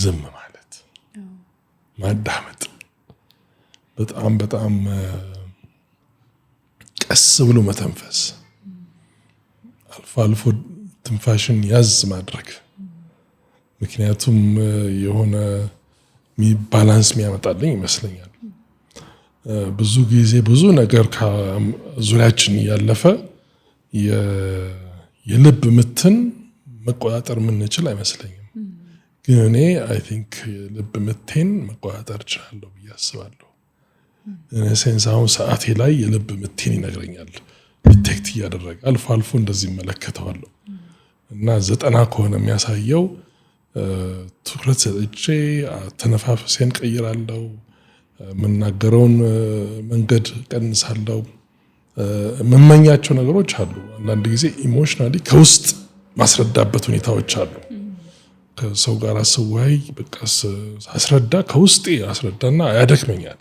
ዝም ማለት ማዳመጥ በጣም በጣም ቀስ ብሎ መተንፈስ፣ አልፎ አልፎ ትንፋሽን ያዝ ማድረግ። ምክንያቱም የሆነ ባላንስ የሚያመጣልኝ ይመስለኛል። ብዙ ጊዜ ብዙ ነገር ዙሪያችን እያለፈ የልብ ምትን መቆጣጠር የምንችል አይመስለኝም። ግን እኔ አይ ቲንክ ልብ ምቴን መቆጣጠር እችላለሁ ብዬ አስባለሁ። ሴንስ አሁን ሰዓቴ ላይ የልብ ምቴን ይነግረኛል ዲቴክት እያደረገ አልፎ አልፎ እንደዚህ ይመለከተዋለሁ እና ዘጠና ከሆነ የሚያሳየው ትኩረት ሰጥቼ ተነፋፍሴን ቀይራለው፣ የምናገረውን መንገድ ቀንሳለው። የምመኛቸው ነገሮች አሉ። አንዳንድ ጊዜ ኢሞሽናሊ ከውስጥ ማስረዳበት ሁኔታዎች አሉ። ከሰው ጋር አስወያይ በቃ አስረዳ ከውስጤ አስረዳና ያደክመኛል።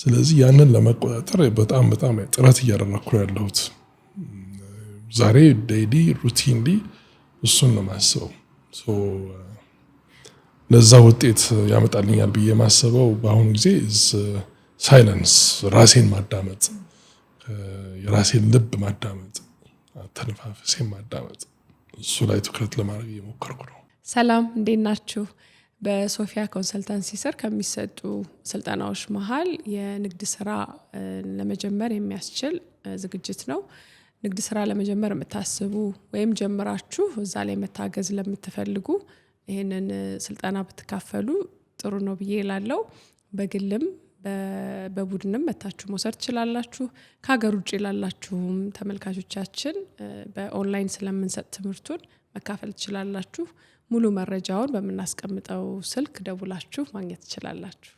ስለዚህ ያንን ለመቆጣጠር በጣም በጣም ጥረት እያደረግኩ ያለሁት ዛሬ ዴይሊ ሩቲን እሱን ነው ማስበው። ለዛ ውጤት ያመጣልኛል ብዬ የማስበው በአሁኑ ጊዜ ሳይለንስ፣ ራሴን ማዳመጥ፣ የራሴን ልብ ማዳመጥ፣ ተነፋፈሴን ማዳመጥ እሱ ላይ ትኩረት ለማድረግ እየሞከርኩ ነው። ሰላም እንዴት ናችሁ? በሶፊያ ኮንሰልታንሲ ስር ከሚሰጡ ስልጠናዎች መሀል የንግድ ስራ ለመጀመር የሚያስችል ዝግጅት ነው። ንግድ ስራ ለመጀመር የምታስቡ ወይም ጀምራችሁ እዛ ላይ መታገዝ ለምትፈልጉ ይህንን ስልጠና ብትካፈሉ ጥሩ ነው ብዬ ላለው በግልም በቡድንም መታችሁ መውሰድ ትችላላችሁ። ከሀገር ውጭ ላላችሁም ተመልካቾቻችን በኦንላይን ስለምንሰጥ ትምህርቱን መካፈል ትችላላችሁ። ሙሉ መረጃውን በምናስቀምጠው ስልክ ደውላችሁ ማግኘት ትችላላችሁ።